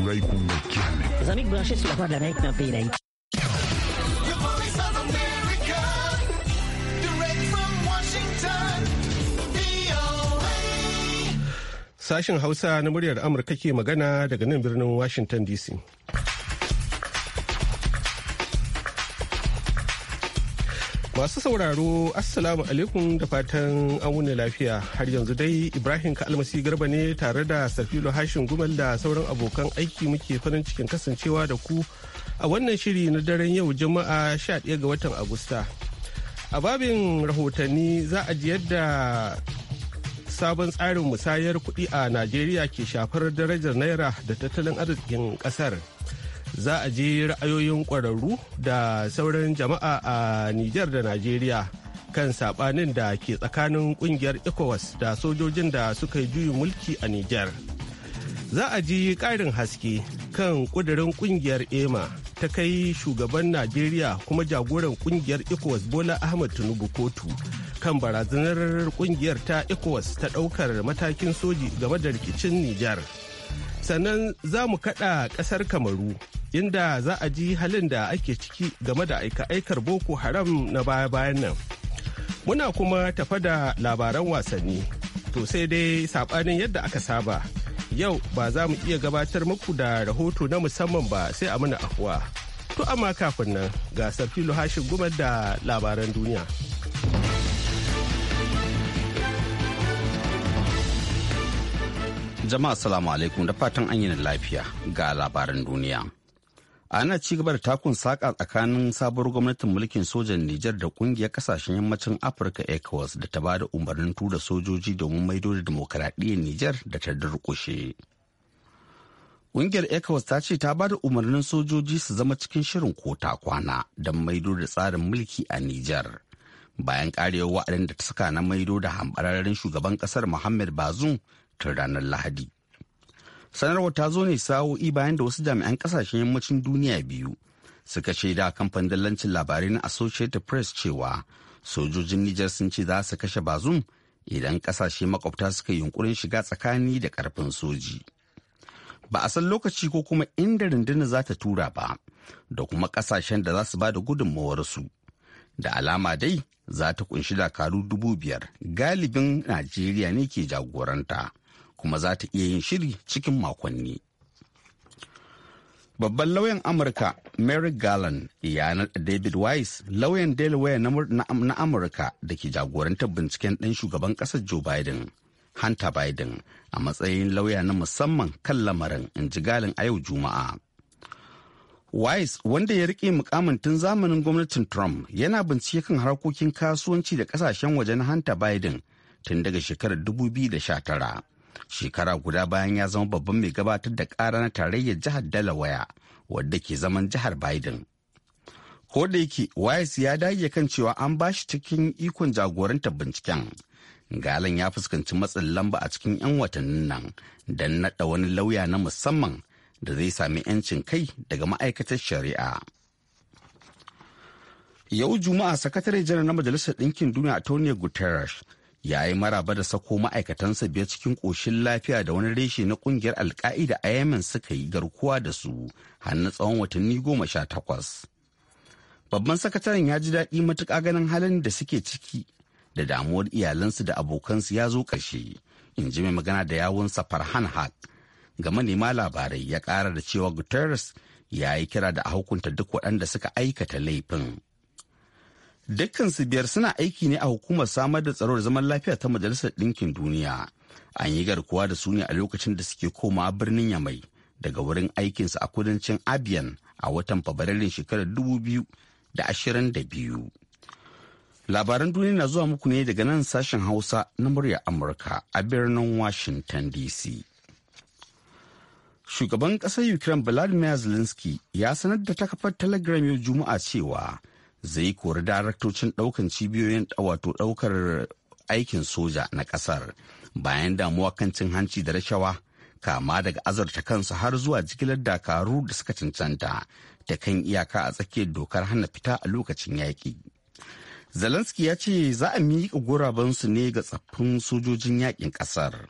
Soleil pour Furayi Islamic branches sur la voie de l'Amérique d'un pays d'Haïti. Eh? Sashen Hausa na muryar Amurka ke magana daga nan birnin Washington DC. Masu sauraro, Assalamu alaikum da fatan an wuni lafiya har yanzu dai Ibrahim Kalmasi Garba ne tare da Safilo Hashin Gumal da sauran abokan aiki muke farin cikin kasancewa da ku a wannan shiri na daren yau Juma'a 11 ga watan Agusta. A babin rahotanni za a ji yadda sabon tsarin musayar kuɗi a Najeriya ke shafar darajar Naira da tattalin arzikin ƙasar. za a je ra'ayoyin kwararru da sauran jama'a a Nijar da Najeriya kan saɓanin da ke tsakanin ƙungiyar ECOWAS da sojojin da suka yi juyin mulki a Nijar. Za a ji ƙarin haske kan ƙudurin ƙungiyar EMA ta kai shugaban Najeriya kuma jagoran ƙungiyar ECOWAS Bola Ahmed Tinubu kotu kan barazanar ƙungiyar ta ECOWAS ta ɗaukar matakin soji game da rikicin Nijar. Sannan za mu kaɗa ƙasar Kamaru inda za a ji halin da ake ciki game da aika-aikar boko haram na baya-bayan nan muna kuma tafa da labaran wasanni to sai dai sabanin yadda aka saba yau ba za mu iya gabatar muku da rahoto na musamman ba sai a muna afuwa to amma kafin nan ga filo hashin gumar da labaran duniya jama'a salamu alaikum da fatan an yi lafiya ga labaran duniya ana ci gaba da takun saƙa tsakanin sabuwar gwamnatin mulkin sojan Nijar da ƙungiyar ƙasashen yammacin Afirka ECOWAS da ta bada umarnin tura sojoji domin maido da demokaradiyyar Nijar da ta durƙushe. Ƙungiyar ECOWAS ta ce ta bada umarnin sojoji su zama cikin shirin kota kwana don maido da tsarin mulki a Nijar. Bayan ƙarewa wa'adin da ta saka na maido da hambararren shugaban ƙasar Muhammad Bazoum tun ranar Lahadi. sanarwar ta zo ne sa'o'i bayan da wasu jami'an kasashen yammacin duniya biyu suka shaida kamfanin dallancin labarai na associated press cewa sojojin nijar sun ce za su kashe bazum idan kasashe makwabta suka yunkurin shiga tsakani da karfin soji ba a san lokaci ko kuma inda rundunar za ta tura ba da kuma kasashen da za su ba da gudunmawarsu da alama dai za ta kunshi dakaru dubu biyar galibin najeriya ne ke jagoranta kuma za ta iya yin shiri cikin makonni. Babban lauyan Amurka Mary Garland ya David Weiss lauyan Delaware na Amurka da ke jagorantar binciken ɗan shugaban ƙasar Joe Biden, Hunter Biden, a matsayin lauya na musamman kan lamarin in ji galin a yau Juma'a. Weiss wanda ya riƙe mukamin tun zamanin gwamnatin Trump yana bincike kan harkokin kasuwanci da ƙasashen waje na Hunter Biden tun daga shekarar 2019. shekara guda bayan ya zama babban mai gabatar da ƙara na tarayyar jihar Delaware wadda ke zaman jihar Biden. Ko da yake Wise ya dage kan cewa an ba shi cikin ikon jagorantar binciken. Galan ya fuskanci matsin lamba a cikin 'yan watannin nan don naɗa wani lauya na musamman da zai sami 'yancin kai daga ma'aikatar shari'a. Yau Juma'a sakatare janar na Majalisar Ɗinkin Duniya Tony Guterres ya yi maraba da sako ma'aikatansa biyar cikin ƙoshin lafiya da wani reshe na ƙungiyar alka'ida a yemen suka yi garkuwa da su har na tsawon watanni goma sha takwas babban sakataren ya ji daɗi matuƙa ganin halin da suke ciki da damuwar iyalansu da abokansu ya zo ƙarshe in ji mai magana da yawunsa farhan haq ga manema labarai ya ƙara da cewa guterres ya yi kira da a hukunta duk waɗanda suka aikata laifin Dukkansu biyar suna aiki ne a hukumar samar da tsaro da zaman lafiya ta Majalisar Ɗinkin Duniya. An yi garkuwa da su ne a lokacin da suke komawa birnin Yamai daga wurin aikinsu a kudancin Abiyan a watan Fabrairun shekarar dubu biyu da da ashirin biyu. Labaran duniya na zuwa muku ne daga nan sashen Hausa na murya Amurka a birnin Washington DC. Shugaban ƙasar Ukraine Vladimir Zelensky ya sanar da takafar Telegram yau Juma'a cewa zai kori daraktocin ɗaukan cibiyoyin wato ɗaukar aikin soja na ƙasar bayan damuwa kan cin hanci da rashawa kama daga azurta kansu har zuwa jigilar dakaru da suka cancanta ta kan iyaka a tsakiyar dokar hana fita a lokacin yaƙi. Zelensky ya ce za a miƙa gurabensu ne ga tsaffin sojojin yaƙin ƙasar.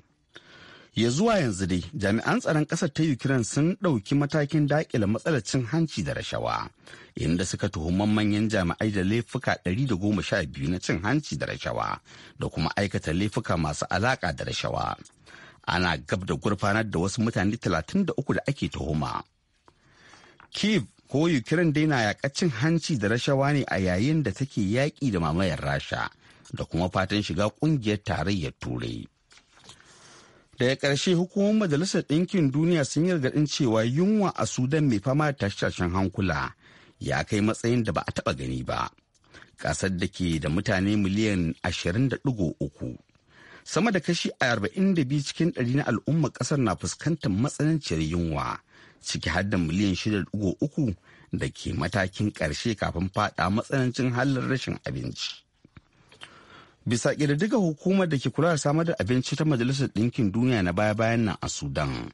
ya zuwa yanzu dai jami'an tsaron ƙasar ta ukraine sun ɗauki matakin daƙile matsalar cin hanci da rashawa inda suka tuhumman manyan jami'ai da laifuka 112 na cin hanci da rashawa da kuma aikata laifuka masu alaƙa da rashawa ana gab da gurfanar da wasu mutane 33 da ake tuhuma kiev ko ukraine dai na cin hanci da rashawa ne a yayin da take yaƙi da mamayar rasha da kuma fatan shiga ƙungiyar tarayyar turai daga karshe hukumar majalisar ɗinkin duniya sun yi gargaɗin cewa yunwa a sudan mai fama da tashe-tashen hankula ya kai matsayin da ba a taɓa gani ba ƙasar da ke da mutane miliyan 20.3 sama da kashi 42 cikin ɗari na al'umma ƙasar na fuskantar matsananciyar yunwa ciki har da miliyan 6.3 da ke matakin ƙarshe kafin faɗa matsanancin halin rashin abinci. bisa ƙididdigar hukumar da ke kula da samar da abinci ta majalisar ɗinkin duniya na baya-bayan nan a sudan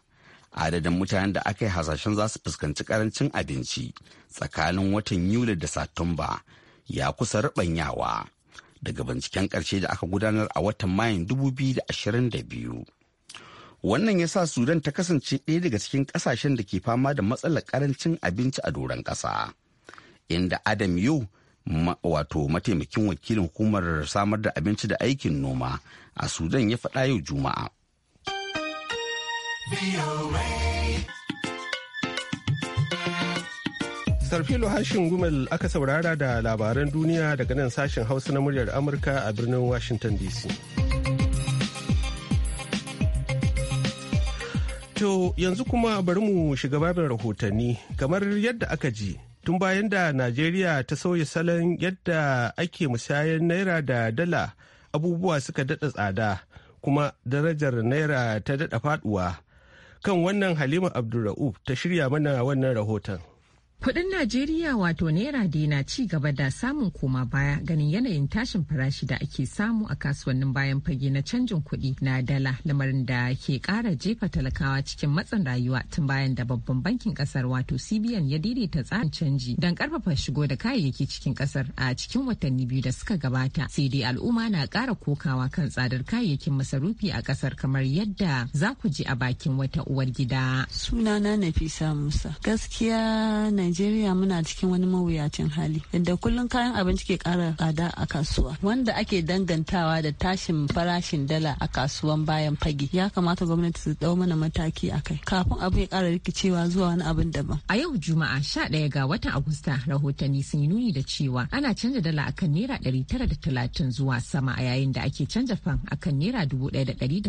adadin mutanen da aka yi hasashen za su fuskanci karancin abinci tsakanin watan yuli da satumba ya kusa yawa, daga binciken ƙarshe da aka gudanar a watan mayun 2022 wannan ya sa sudan ta kasance ɗaya daga cikin ƙasashen da ke fama da matsalar ƙarancin abinci a doron ƙasa inda adam yau wato mataimakin wakilin hukumar samar da abinci da aikin noma a sudan ya faɗa yau juma'a sarfilo hashin gumel aka saurara da labaran duniya daga nan sashen hausa na muryar amurka a birnin washington dc to yanzu kuma bari mu shiga babin rahotanni kamar yadda aka ji tun bayan da najeriya ta sauya salon yadda ake musayar naira da dala abubuwa suka daɗa tsada kuma darajar naira ta daɗa faɗuwa kan wannan halima abdulra'uf ta shirya mana wannan rahoton Kudin Najeriya wato Naira dina na ci gaba da samun koma baya ganin yanayin tashin farashi da ake samu a kasuwannin bayan fage na canjin kuɗi na dala lamarin da ke ƙara jefa talakawa cikin matsin rayuwa tun bayan da babban bankin ƙasar wato CBN ya daidaita tsarin canji don ƙarfafa shigo da kayayyaki cikin ƙasar a cikin watanni biyu da suka gabata. Sai dai al'umma na ƙara kokawa kan tsadar kayayyakin masarufi a ƙasar kamar yadda za ku ji a bakin wata uwar gida. Sunana Nafisa Musa. Gaskiya na Najeriya muna cikin wani mawuyacin hali yadda kullum kayan abinci ke kara tsada a kasuwa wanda ake dangantawa da tashin farashin dala a kasuwan bayan fage ya kamata gwamnati su dau mana mataki a kai kafin abu ya kara rikicewa zuwa wani abin daban. A yau Juma'a sha ɗaya ga watan Agusta rahotanni sun yi nuni da cewa ana canza dala akan naira tara da talatin zuwa sama a yayin da ake canza fan akan naira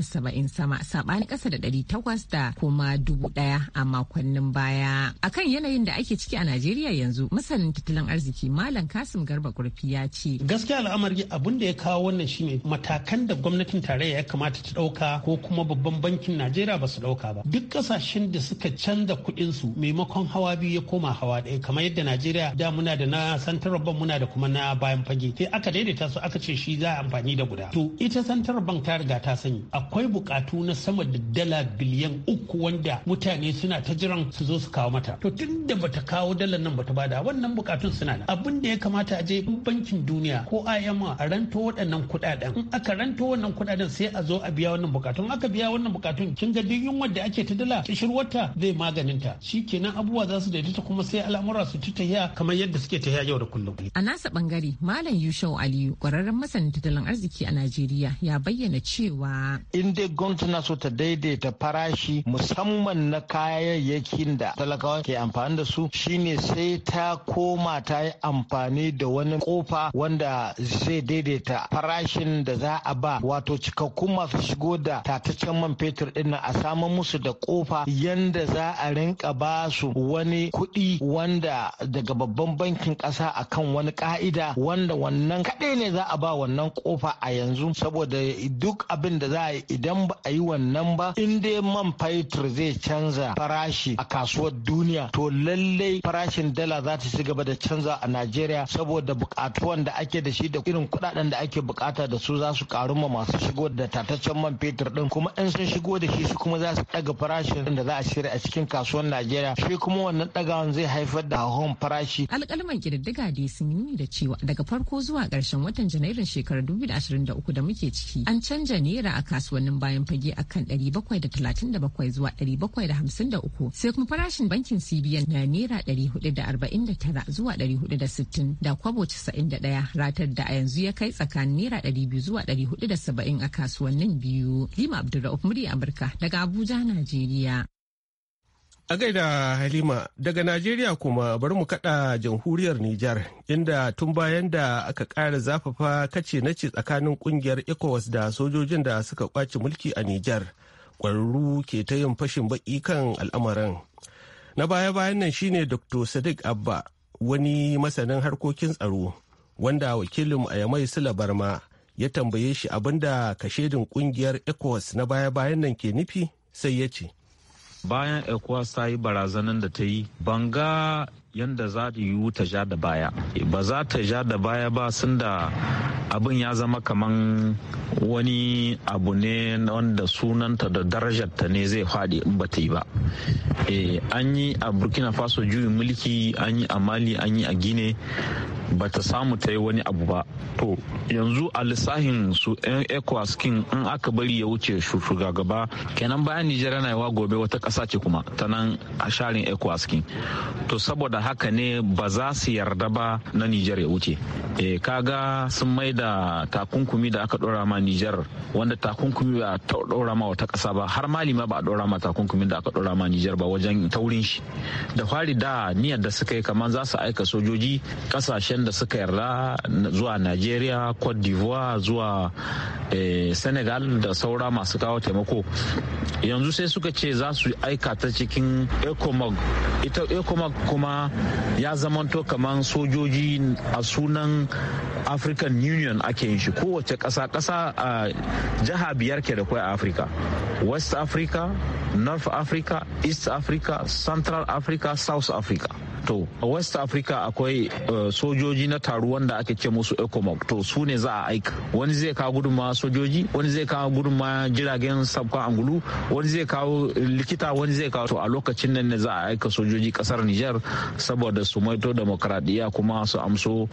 saba'in sama saɓani ƙasa da ɗari takwas da kuma dubu ɗaya a makonnin baya. Akan yanayin da ake ciki a Najeriya yanzu masanin tattalin arziki Malam Kasim Garba Kurfi ya ce. Gaskiya al'amari abin da ya kawo wannan shine matakan da gwamnatin tarayya ya kamata ta ɗauka ko kuma babban bankin Najeriya ba su ɗauka ba. Duk kasashen da suka canza kuɗin su maimakon hawa biyu ya koma hawa ɗaya kamar yadda Najeriya da muna da na Central ban muna da kuma na bayan fage sai aka daidaita su aka ce shi za a amfani da guda. To ita Central bank ta riga ta sani akwai bukatu na sama da dala biliyan uku wanda mutane suna ta jiran su zo su kawo mata. To tun da bata kawo dalar nan bata bada wannan bukatun suna nan abin da ya kamata a je bankin duniya ko IMF a ranto waɗannan kuɗaɗen in aka ranto wannan kuɗaɗen sai a zo a biya wannan bukatun aka biya wannan bukatun kin ga duk yunwar da ake ta dala kishirwarta zai maganinta shikenan abubuwa za su daidaita kuma sai al'amura su ta tahiya kamar yadda suke tahiya yau da kullum a nasa bangare malam Yushau Aliyu kwararren masanin tattalin arziki a Najeriya ya bayyana cewa in dai gwamnati na so ta daidaita farashi musamman na kayayyakin da talakawa ke amfani da su shine sai ta koma ta yi amfani da wani kofa wanda zai daidaita farashin da za a ba wato cikakkun masu shigo da tataccen man fetur din a saman musu da kofa yanda za a rinka ba su wani kuɗi wanda daga babban bankin ƙasa akan wani ka'ida wanda wannan kaɗai ne za a ba wannan kofa a yanzu saboda duk abin da za a yi idan ba a yi wannan ba in dai man fetur zai canza farashi a kasuwar duniya to lallai farashin dala za ta ci gaba da canza a Najeriya saboda bukatuwan da ake da shi da irin kudaden da ake bukata da su za su karu ma masu shigo da tataccen man fetur din kuma in sun shigo da shi su kuma za su daga farashin da za a shirya a cikin kasuwar Najeriya shi kuma wannan dagawan zai haifar da hawan farashi. Alƙalman kididdiga dai sun nuni da cewa daga farko zuwa ƙarshen watan Janairun shekarar 2023 da muke ciki an canja naira a kasuwannin bayan fage akan 737 zuwa 753 sai kuma farashin bankin CBN na naira 449 zuwa 460 da kwabo 91 ratar da a yanzu ya kai tsakanin naira 200 zuwa 470 a kasuwannin biyu. Lima Abdulrahman Murya Amurka daga Abuja, Najeriya. A gaida Halima daga Najeriya kuma bari mu kada jamhuriyar Nijar inda tun bayan da aka ƙara zafafa kace na ce tsakanin kungiyar ECOWAS da sojojin da suka kwace mulki a Nijar. Ƙwararru ke ta yin fashin baki kan al'amarin. na baya-bayan nan shine dr sadiq abba wani masanin harkokin tsaro wanda wakilin yamai sula barma ya tambaye shi abinda kashedin kungiyar ecowas na baya-bayan nan ke nufi sai ya ce bayan ecowas ta yi barazanar da ta yi ga. yanda za ta yiwu ta ja da baya ba za ta ja da baya ba sun da abin ya zama kaman wani abu ne wanda sunanta da darajarta ne zai faɗi in ba ta yi ba eh, an yi a burkina faso juyin mulki an yi a mali an yi a gine ba ta samu ta yi wani abu ba to yanzu a lissahin su yan ecowas kin in aka bari ya wuce shugaba kenan bayan nijar yana yawa gobe wata ƙasa ce kuma ta nan a sharin ecowas kin to saboda da haka ne ba za su yarda ba na Nijar ya wuce. E, kaga sun mai da takunkumi da aka ɗora ma Nijar wanda takunkumi ba a ɗora ma wata ƙasa ba har mali ma ba a ɗora ma takunkumi da aka ɗora ma Nijar ba wajen taurin shi. Da fari da niyyar da suka yi kamar za su aika sojoji ƙasashen da suka yarda zuwa Najeriya, Cote d'Ivoire zuwa eh, Senegal da saura masu kawo taimako. Yanzu sai suka ce za su aika ta cikin ECOMOG. Ita ECOMOG kuma ya zamanto kamar sojoji a sunan african union ake yin shi kowace ƙasa ƙasa a jiha biyar ke da kwai a afirka west africa north africa east africa central africa south africa to a west africa akwai eh, sojoji na taru wanda ake ce musu ecomog to su ne za a aika wani zai kawo gudunma sojoji wani zai kawo gudunma jiragen sabkan angulu wani zai kawo likita wani zai kawo to a lokacin nan ne za a aika sojoji kasar niger saboda su maito demokradiyya kuma su amso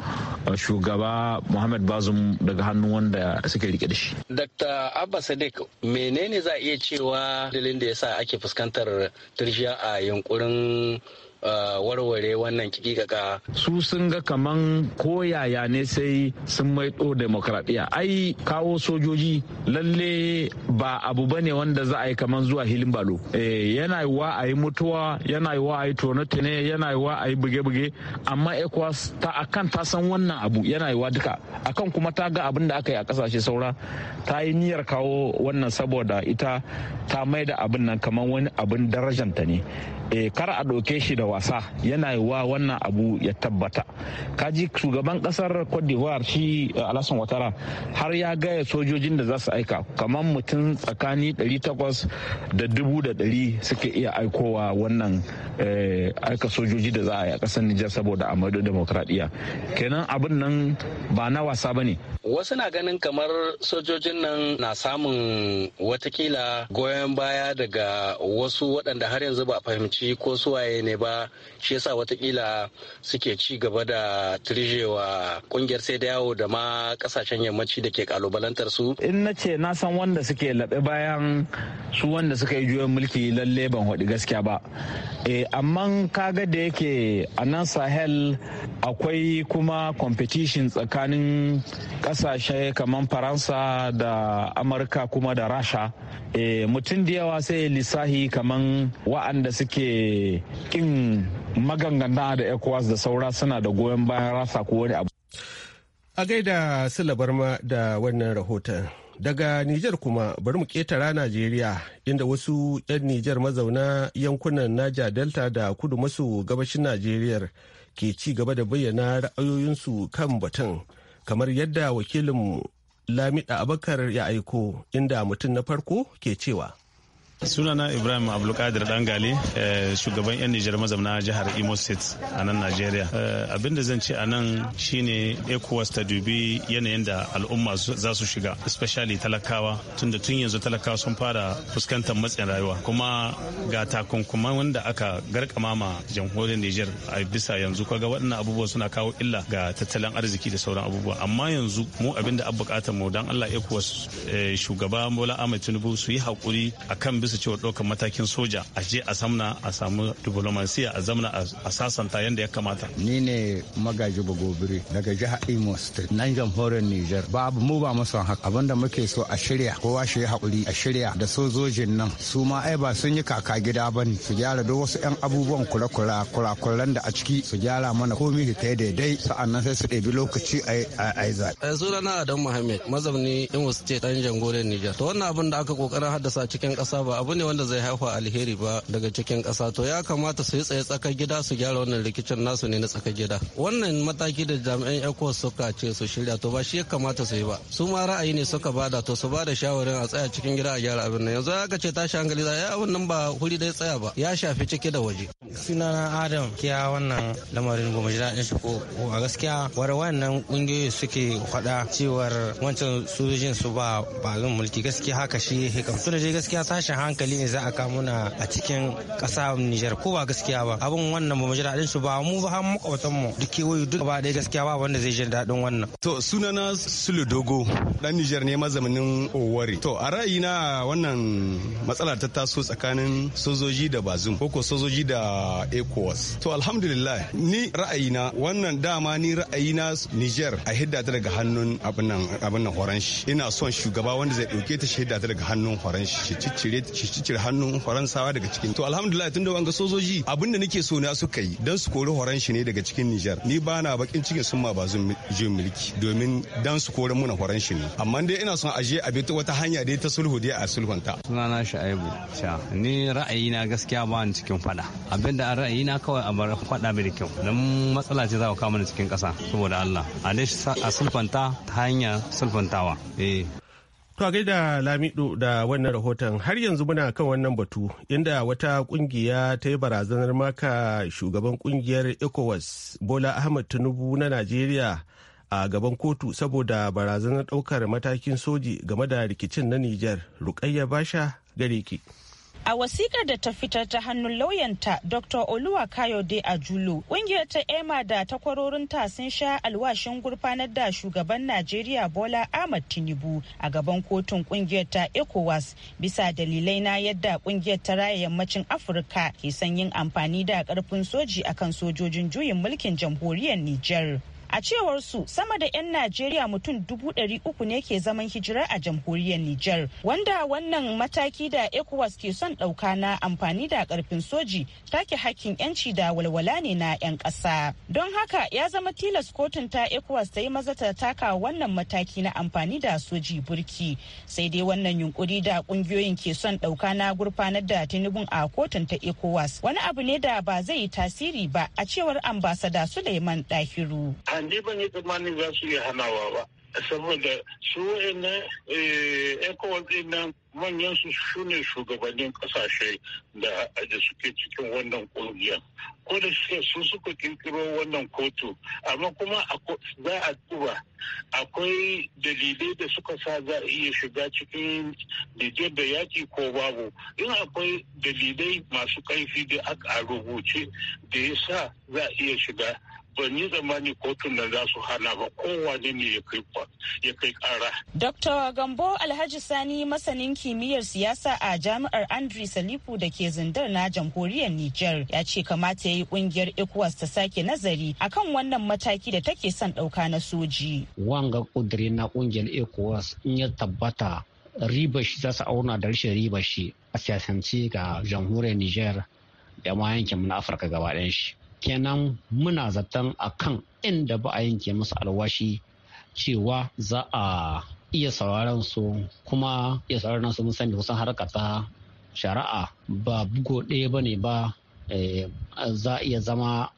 eh, shugaba muhammad bazum daga hannu wanda suke rike da shi dr abba sadiq menene za a iya cewa dalilin da yasa ake fuskantar turjiya a yunkurin Eh, warware wannan kikikaka su sun ga kaman koyaya ne sai sun maido demokradiyya ai kawo sojoji lalle ba abu bane wanda za a yi kaman zuwa hilin balo eh, yana wa a yi mutuwa yana wa a yi tone-tone yana wa a yi buge-buge amma ecowas ta akan ta san wannan abu yana wa duka akan kuma ta ga abin da aka yi a kasashe saura ta yi niyyar kawo wannan saboda ita ta maida abin nan kaman wani abin darajanta ne Eh, kar a ɗauke shi da wasa yana wa wannan abu ya tabbata kaji shugaban ƙasar cote d'ivoire shi eh, alasan watara har ya gaya sojojin da za su aika kamar mutum tsakani 800 da 100 suke iya aikowa wannan eh, aika sojoji da za a yi a ƙasar nijar saboda a maido demokradiyya kenan abin nan ba na wasa ba ne wasu na ganin kamar sojojin nan na samun watakila goyon baya daga wasu waɗanda har yanzu ba fahimci shi ko suwaye ne ba shi yasa watakila suke ci gaba da turjewa kungiyar sai da yawo da ma kasashen yammaci da ke kalubalantar su in na ce na san wanda suke laɓe bayan su wanda suka yi juyin mulki lalle ban haɗi gaskiya ba eh, amma kaga da yake a nan sahel akwai kuma competition tsakanin kasashe kamar faransa da amurka kuma da rasha eh, mutum da yawa sai lissahi kamar wa'anda suke ke kin maganganta da ecowas da saura suna da goyon bayan rasa ko wani abu a gaida silabar ma da wannan rahoton daga Nijar kuma bari mu ketara Najeriya inda wasu 'yan Nijar mazauna yankunan Naja Delta da kudu maso gabashin Najeriya ke ci gaba da bayyana ra'ayoyinsu kan batun kamar yadda wakilin Lamida Abakar ya aiko inda mutum na farko ke cewa. sunana ibrahim abdulkadir Dangale eh, shugaban yan nijar mazamna jihar imo state a nan nigeria eh, abinda zan ce a nan shine ecowas ta dubi yanayin da al'umma za su shiga especially talakawa tunda tun yanzu talakawa sun fara fuskantar matsin rayuwa kuma ga takunkuma wanda aka garkama ma jamhuriyar nijar a bisa yanzu kaga waɗannan abubuwa suna kawo illa ga tattalin arziki da sauran abubuwa amma yanzu mu abinda an bukatar mu dan allah ecowas eh, shugaba bola ahmed tinubu su yi hakuri akan bisa bisa cewa ɗaukar matakin soja a je a samna a samu diplomasiya a zamna a sasanta yadda ya kamata. Ni ne magaji bagobiri daga jihar Imo State nan jamhuriyar Nijar. Babu mu ba mu haka abinda muke so a shirya kowa shi ya haƙuri a shirya da sojojin nan su ma ai ba sun yi kaka gida ba ne su gyara duk wasu 'yan abubuwan kula-kula kula-kulan da a ciki su gyara mana komi da ta daidai sa'annan sai su ɗebi lokaci a yi zaɓe. Eh, na Adamu Muhammad mazauni Imo State nan jamhuriyar Niger To wannan abin da aka ƙoƙarin haddasa cikin kasa ba ba abu ne wanda zai haifa alheri ba daga cikin ƙasa to ya kamata su yi tsaye tsakar gida su gyara wannan rikicin nasu ne na tsakar gida wannan mataki da jami'an ecos suka ce su shirya to ba shi ya kamata su yi ba su ma ra'ayi ne suka bada to su bada shawarin a tsaya cikin gida a gyara abin nan yanzu aka ce tashi hankali za ya abin nan ba huri dai tsaya ba ya shafi ciki da waje na adam kiya wannan lamarin goma mu ji daɗin shi ko a gaskiya wara wannan ƙungiyoyi suke faɗa cewar wancan sojojin su ba ba mulki gaskiya haka shi hikam da dai gaskiya sashen hankali ne za a kawo muna a cikin ƙasa Nijar ko ba gaskiya ba abin wannan ba mu ji ba mu ba har makwabtan mu duk kewaye duk ba dai gaskiya ba wanda zai ji daɗin wannan. To sunana Sulu Dogo ɗan Nijar ne mazaunin Owari. To a ra'ayina wannan matsala ta taso tsakanin sojoji da Bazum ko sojoji da ECOWAS. To alhamdulillah ni ra'ayina wannan dama ni ra'ayina Nijar a hidda ta daga hannun abin nan horon shi. Ina son shugaba wanda zai ɗauke ta shi hidda ta daga hannun horon shi ciccire cicicir hannun faransawa daga cikin to alhamdulillah tunda wanga sojoji abin da nake so na suka yi dan su kori horan shi ne daga cikin Niger ni ba na bakin cikin sun ma ba zun jin mulki domin dan su kori muna horan shi ne amma dai ina son aje a bi wata hanya dai ta sulhu dai a sulhunta sunana Shu'aibu sha ni ra'ayi na gaskiya ba ni cikin fada abinda ra'ayi na kawai a bar fada mai da kyau dan matsala ce za ka kama cikin kasa saboda Allah a dai a sulfanta ta hanya sulfantawa eh To a gaida Lamido da wannan rahoton har yanzu muna kan wannan batu inda wata kungiya ta yi barazanar maka shugaban kungiyar ECOWAS Bola Ahmed Tinubu na Najeriya a gaban kotu saboda barazanar daukar matakin soji game da rikicin na Nijar Rukayya Basha gare ki. A wasikar da ta fitar ta hannun lauyanta Dr. Oluwa Kayode Ajulo, ƙungiyar ta EMA da takwarorinta sun sha alwashin gurfanar da shugaban Najeriya Bola Ahmad Tinubu a gaban kotun ƙungiyar ta ECOWAS bisa dalilai na yadda ƙungiyar ta raya yammacin Afirka ke son yin amfani da karfin soji akan sojojin juyin mulkin jamhuriyar Nijar. A cewar su sama da 'yan Najeriya mutum dubu ɗari uku ne ke zaman hijira a jamhuriyar Nijar. Wanda wannan mataki da ECOWAS ke son ɗauka na amfani da ƙarfin soji take hakkin 'yanci da walwala ne na 'yan ƙasa. Don haka ya zama tilas kotun ta ECOWAS ta yi maza ta taka wannan mataki na amfani da soji burki. Sai dai wannan yunkuri da ƙungiyoyin ke son ɗauka na gurfanar da tinubun a kotun ta ECOWAS wani abu ne da ba zai yi tasiri ba a cewar ambasada Suleiman Dahiru. ni banyere yi za su iya hanawa ba saboda su eh, e wa'annan ecowas din nan manyan su shune shugabannin kasashe da suke cikin wannan kungiyar ko da suke su suka kirkiro wannan kotu amma kuma za a duba akwai dalilai da suka sa za a iya shiga cikin dijiyar da yaki ko babu in akwai dalilai masu kaifi da aka rubuce da ya sa za a iya shiga ban yi zamani kotun da za su hana ba kowane ne ya kai kara. Dr. Gambo Alhaji Sani masanin kimiyyar siyasa a jami'ar Andri Salifu da ke zindar na jamhuriyar Nijar ya ce kamata ya yi kungiyar ECOWAS ta sake nazari akan wannan mataki da take son ɗauka na soji. Wanga kudiri na kungiyar ECOWAS in ya tabbata riba shi za su auna da rashin riba shi a siyasance ga jamhuriyar Nijar da ma yankin na Afirka gaba ɗayan shi. kenan muna zaton akan inda ba a yanke musu alwashi cewa za a iya sauraron su kuma iya sauraron su mun sani kusan harka ta shari'a ba bugo ɗaya ba ne ba eh, za a iya zama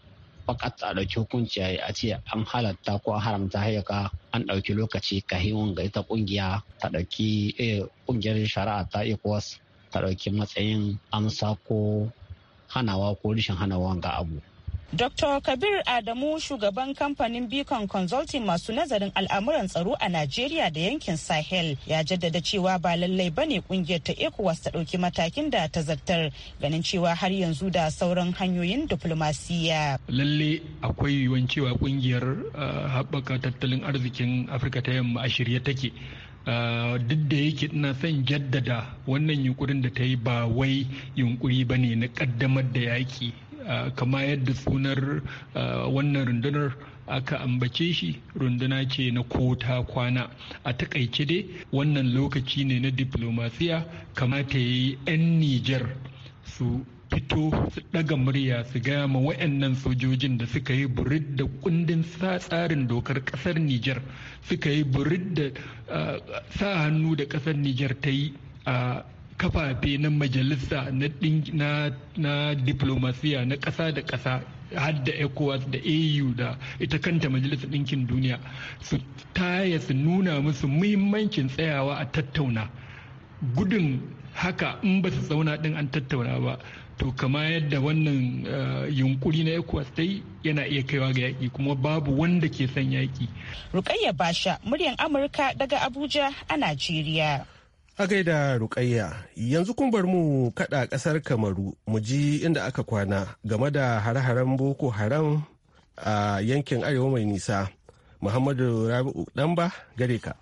fakat a ɗauki hukunci a ce an halatta ko an haramta hayyaka an ɗauki lokaci kahin ga ita ƙungiya ta ɗauki eh, ƙungiyar shari'a ta ecowas ta ɗauki matsayin amsa ko hanawa ko rishin hanawa ga abu Dr. Kabir Adamu shugaban kamfanin Beacon Consulting masu nazarin al'amuran tsaro a Najeriya da yankin Sahel ya jaddada cewa ba lallai ba ne kungiyar ta ECOWAS ta ɗauki matakin da ta zartar ganin cewa har yanzu da sauran hanyoyin diplomasiya. Lalle akwai yiwuwar cewa kungiyar uh, haɓaka tattalin arzikin Afirka ta yamma a shirye take. Uh, duk da yake ina son jaddada wannan yunkurin da ta yi ba wai yunkuri ba ne na ƙaddamar da yaƙi kama yadda sunar wannan rundunar aka ambace shi runduna ce na kota kwana a takaice dai wannan lokaci ne na diplomasiya kamata ya yi 'yan nijar su fito su daga murya su gaya ma wayannan sojojin da suka yi burid da kundin sa tsarin dokar kasar Nijar suka yi burid da sa hannu da kasar Nijar ta yi a kafafe na majalisa na diplomasiya na ƙasa da kasa har da ecowas da au da ita kanta majalisar ɗinkin duniya su taya su nuna musu muhimmancin tsayawa a tattauna gudun haka in ba su zauna ɗin an tattauna ba to kama yadda wannan eh, yunkuri na ecowas ta yi yana iya kaiwa ga yaƙi kuma babu wanda ke son yaƙi. rukayya basha muryan amurka daga abuja a najeriya A gaida Rukayya, yanzu kun bar mu kada ƙasar Kamaru mu ji inda aka kwana game da hare-haren Boko Haram a yankin Arewa mai nisa. Muhammadu Rabi'u Ɗanba gare ka.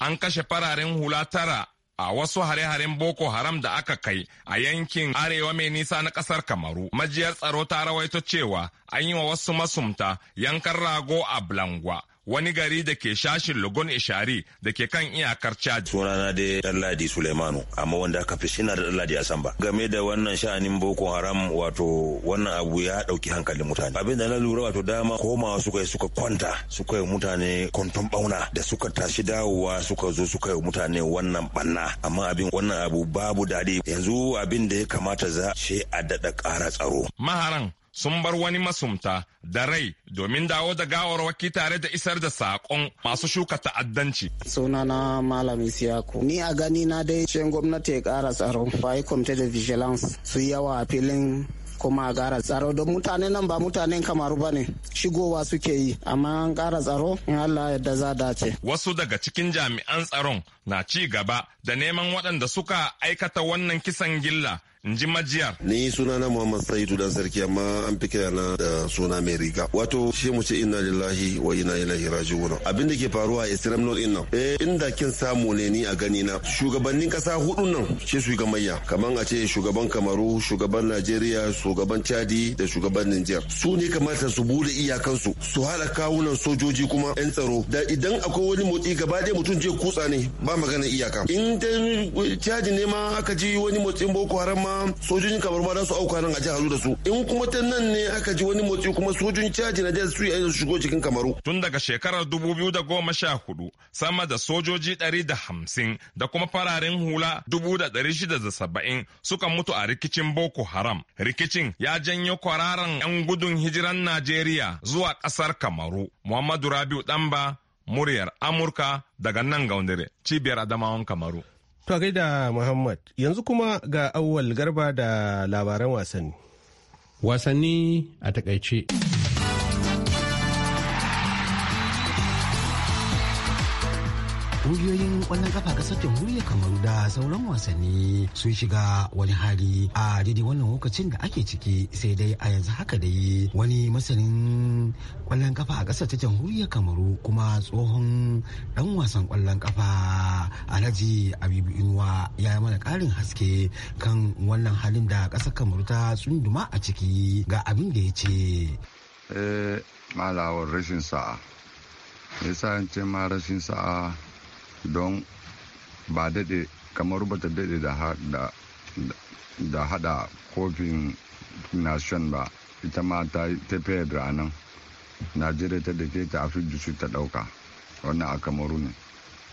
An kashe fararen hula tara a wasu hare-haren Boko Haram da aka kai a yankin arewa mai nisa na ƙasar Kamaru. Majiyar tsaro ta rawaito cewa an yi wa wasu masumta yankan rago a Blangwa. wani gari da ke shashin Logon Ishari da ke kan iyakar Chad. Sunana dai dalladi Suleimanu, amma wanda aka fi shina da a samba. Game da wannan sha'anin Boko Haram wato wannan abu ya ɗauki hankalin mutane. Abin da na lura wato dama komawa suka yi suka kwanta suka yi mutane kwanton bauna da suka tashi dawowa suka zo suka yi mutane wannan banna amma abin wannan abu babu daɗi yanzu abin da ya kamata za ce a dada ƙara tsaro. Maharan sun bar wani masumta da rai domin dawo da gawarwaki tare da isar da sakon masu shuka ta'addanci. Sunana Malam Isiyaku. Ni a gani na dai ce gwamnati ya kara tsaro. Fayi Comte da Vigilance su yawa a filin kuma a kara tsaro don mutane nan ba mutanen kamaru ba ne shigowa suke yi amma an kara tsaro in Allah yadda za dace. Wasu daga cikin jami'an tsaron na ci gaba da neman waɗanda suka aikata wannan kisan gilla in ji majiyar. Ni suna na Muhammad Saidu dan sarki amma an fi na da suna mai riga. Wato shi mu ce inna lillahi wa inna ilaihi raji'un. Abin da ke faruwa a Extreme North din nan. Eh inda kin samu ne ni a gani na. Shugabannin kasa hudu nan ce su gamayya. Kaman a ce shugaban Kamaru, shugaban Najeriya, shugaban Chadi da shugaban Niger. Su ne kamata su bude iyakansu, su hada kawunan sojoji kuma 'yan tsaro. Da idan akwai wani motsi gaba ɗaya mutum je kutsa ne ba magana iyaka in dai caji ne ma aka ji wani motsin boko haram ma sojojin kamar ma su auka nan a jihar da su in kuma ta nan ne aka ji wani motsi kuma sojojin caji na su yi shigo cikin kamaru tun daga shekarar dubu da sama da sojoji 150 da kuma fararen hula dubu suka mutu a rikicin boko haram rikicin ya janyo kwararan 'yan gudun hijiran najeriya zuwa kasar kamaru muhammadu rabiu damba muryar Amurka daga nan gaundare cibiyar Adamawan Kamaru. To gaida Muhammad yanzu kuma ga awwal garba da labaran wasanni. Wasanni a takaice. kungiyoyin kwallon kafa kasar jamhuriyar kamaru da sauran wasanni sun shiga wani hali a daidai wannan lokacin da ake ciki sai dai a yanzu haka da yi wani masanin kwallon kafa a kasar ta jamhuriyar kamaru kuma tsohon dan wasan kwallon kafa alhaji abibu inuwa ya yi mana karin haske kan wannan halin da kasar kamaru ta tsunduma a ciki ga abin da ya ce eh, malawar rashin sa'a yasa ce ma rashin sa'a don ba daɗe kamar bata daɗe da haɗa kofin nation ba ita ma ta tafiyar da nan najeriya ta dake ta afi jisu ta ɗauka wannan a kamaru ne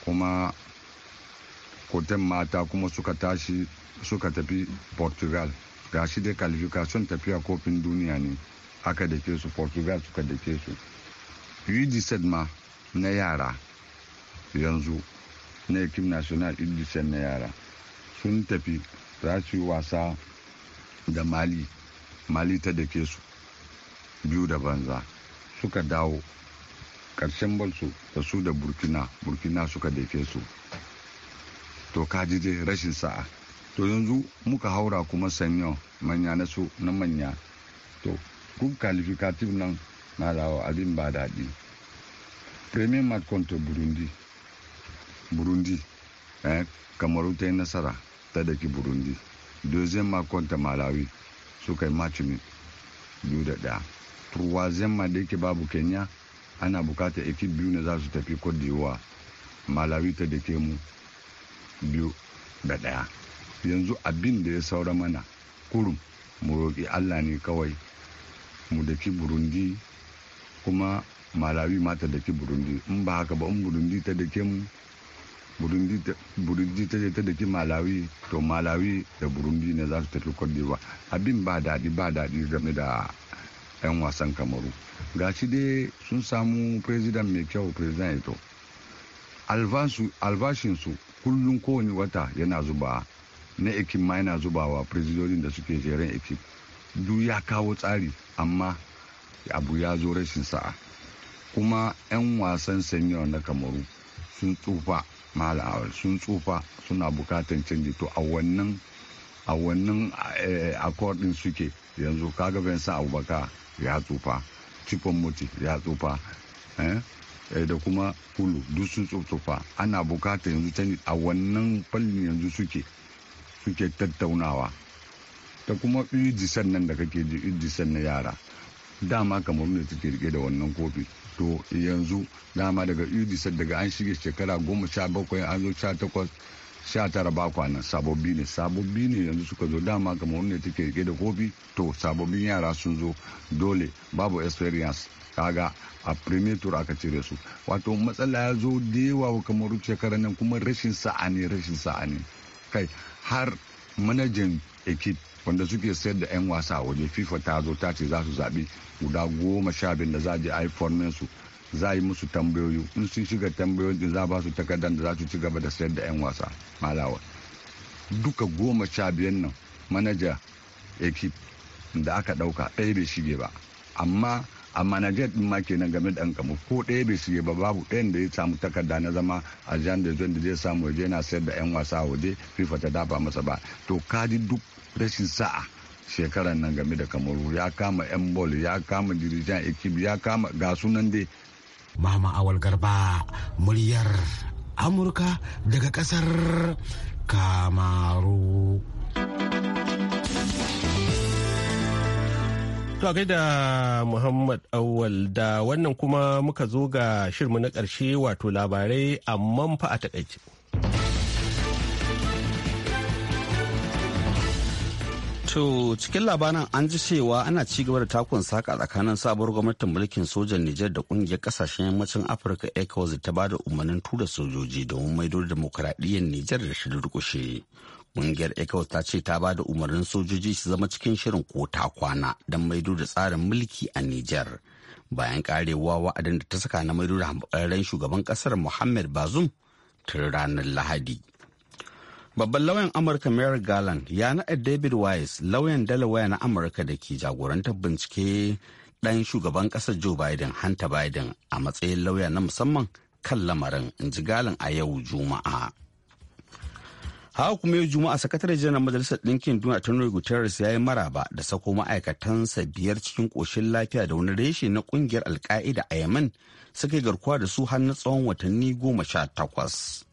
kuma koten mata kuma suka tashi suka tafi portugal ga shi dai qualification tafiya kofin duniya ne aka dake su portugal suka dake su ma na yara yanzu na ekip national idrisen na yara sun tafi za su yi wasa da mali mali ta da ke su biyu da banza suka dawo ƙarshen balsu da su da burkina burkina suka dake su to kaji rashin sa'a to yanzu muka haura kuma sanyo manya na su na manya to kuma qualificative nan na dawo abin ba daɗi premier match contra burundi burundi eh, kamaru ta yi nasara ta daki burundi deuxième ma contre malawi kai match ne biyu da daya troisième ma da yake babu kenya ana bukata ekip biyu na za su tafi cote d'ivoire malawi ta dake mu biyu da daya yanzu abin da ya saura mana kurum mu roƙi allah ne kawai mu daki burundi kuma malawi ma ta daki burundi in ba haka ba in burundi ta dake mu burundi ta je ta daki malawi to malawi da burundi ne za su tafi cote d'ivoire abin ba daɗi ba daɗi game da 'yan wasan kamaru gashi dai sun samu president mai kyau president ito albashinsu kullum kowane wata yana zuba na ekip ma yana zubawa presidodin da suke jeren ekip duk ya kawo tsari amma abu ya zo rashin sa'a kuma 'yan wasan senior na kamaru sun tsufa malam sun tsufa suna bukatan canji to a wannan a wannan eh, akordin suke yanzu kaga sa Abubakar ya tsufa Chipon Moti ya tsufa eh, eh, da kuma Kulu duk sun tsufa ana bukata yanzu canji a wannan fannin yanzu suke suke tattaunawa ta kuma ijisan nan da kake ji ijisan na yara dama kamar ne suke rike da wannan kofi to yanzu dama daga udisat daga an shige shekara goma sha bakwai an zo sha takwas sha tara ba kwanan sababbi ne sababbi ne yanzu suka zo dama kamar wanda take rike da kofi to sababbin yara sun zo dole babu experience kaga a premier tour aka cire su wato matsala ya zo da yawa kamar shekara nan kuma rashin sa'ani rashin sa'ani kai har manajan ekip wanda suke sayar da 'yan wasa waje fifa ta zo ta ce za su zaɓi guda goma sha biyu da za a je iphone su za a yi musu tambayoyi in sun shiga tambayoyin din za ba su takardar da za su ci gaba da sayar da 'yan wasa malawa duka goma sha biyar nan manaja ekip da aka ɗauka ɗaya bai shige ba amma amma Niger din ma kenan game da ɗan ko ɗaya bai shige ba babu ɗayan da ya samu takarda na zama a jan da zan da zai samu waje yana sayar da 'yan wasa a waje FIFA ta dafa masa ba to kadi duk rashin sa'a shekaran nan game da kamaru ya kama 'yan bol ya kama dirijan ekip ya kama ga sunan dai mama awal garba muryar amurka daga kasar kamaru To gaida Muhammad Awal da wannan kuma muka zo ga shirmu na ƙarshe wato labarai amman fa a takaice. To cikin labaran an ji cewa ana ci gaba da takun saka tsakanin sabuwar gwamnatin mulkin sojan Nijar da ƙungiyar kasashen yammacin Afirka ECOWAS ta ba da umarnin tura sojoji domin maido da demokuraɗiyyar Nijar da shi durƙushe. Ƙungiyar ECOWAS ta ce ta ba da umarnin sojoji su zama cikin shirin ko ta kwana don maido da tsarin mulki a Nijar. Bayan karewa wa'adin da ta saka na maido da hamɓararren shugaban ƙasar Muhammad Bazoum tun ranar Lahadi. Babban lauyan Amurka Mayor Garland ya naɗa David Wise lauyan Delaware na Amurka da ke jagorantar bincike ɗan shugaban ƙasar Joe Biden Hunter Biden a matsayin lauya na musamman kan lamarin in ji Garland a yau Juma'a. haka kuma yau juma'a sakatare janar majalisar ɗinkin duniya tony guterres ya yi maraba da sako ma'aikatansa biyar cikin ƙoshin lafiya da wani reshe na ƙungiyar alka'ida a yemen suka yi garkuwa da su har na tsawon watanni goma sha takwas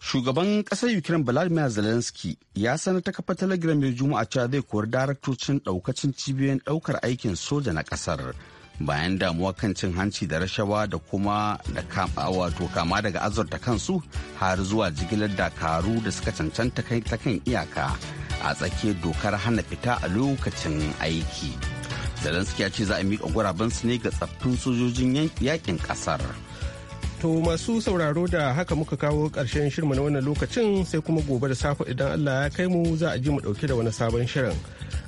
shugaban ƙasar ukraine vladimir zelensky ya sanar ta kafa telegram yau juma'a cewa zai koyar daraktocin ɗaukacin cibiyoyin ɗaukar aikin soja na ƙasar bayan damuwa kan cin hanci da rashawa da kuma da wato kama daga azurta kansu har zuwa jigilar dakaru da suka cancanta kai ta kan iyaka a tsakiyar dokar hana fita a lokacin aiki zelensky ya ce za a miƙa gurabin su ne ga tsaffin sojojin yakin ƙasar To masu sauraro da haka muka kawo ƙarshen shirma na wannan lokacin sai kuma gobe da safe idan Allah ya kai mu za a ji mu ɗauke da wani sabon shirin.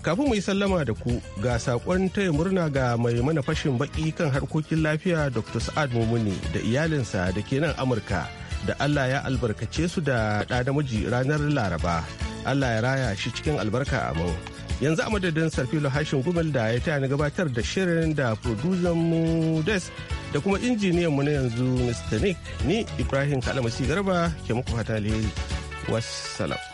kafin mu yi sallama da ku ga sakon taya murna ga mai mana fashin baki kan harkokin lafiya dr sa'ad mumuni da iyalinsa da ke nan amurka da allah ya albarkace su da ɗa namiji ranar laraba allah ya raya shi cikin albarka amin yanzu a madadin sarfilo hashin gumel da ya taya ni gabatar da shirin da producer mu des da kuma injiniyan mu na yanzu mr nick ni ibrahim kalamasi garba ke muku fata alheri wassalam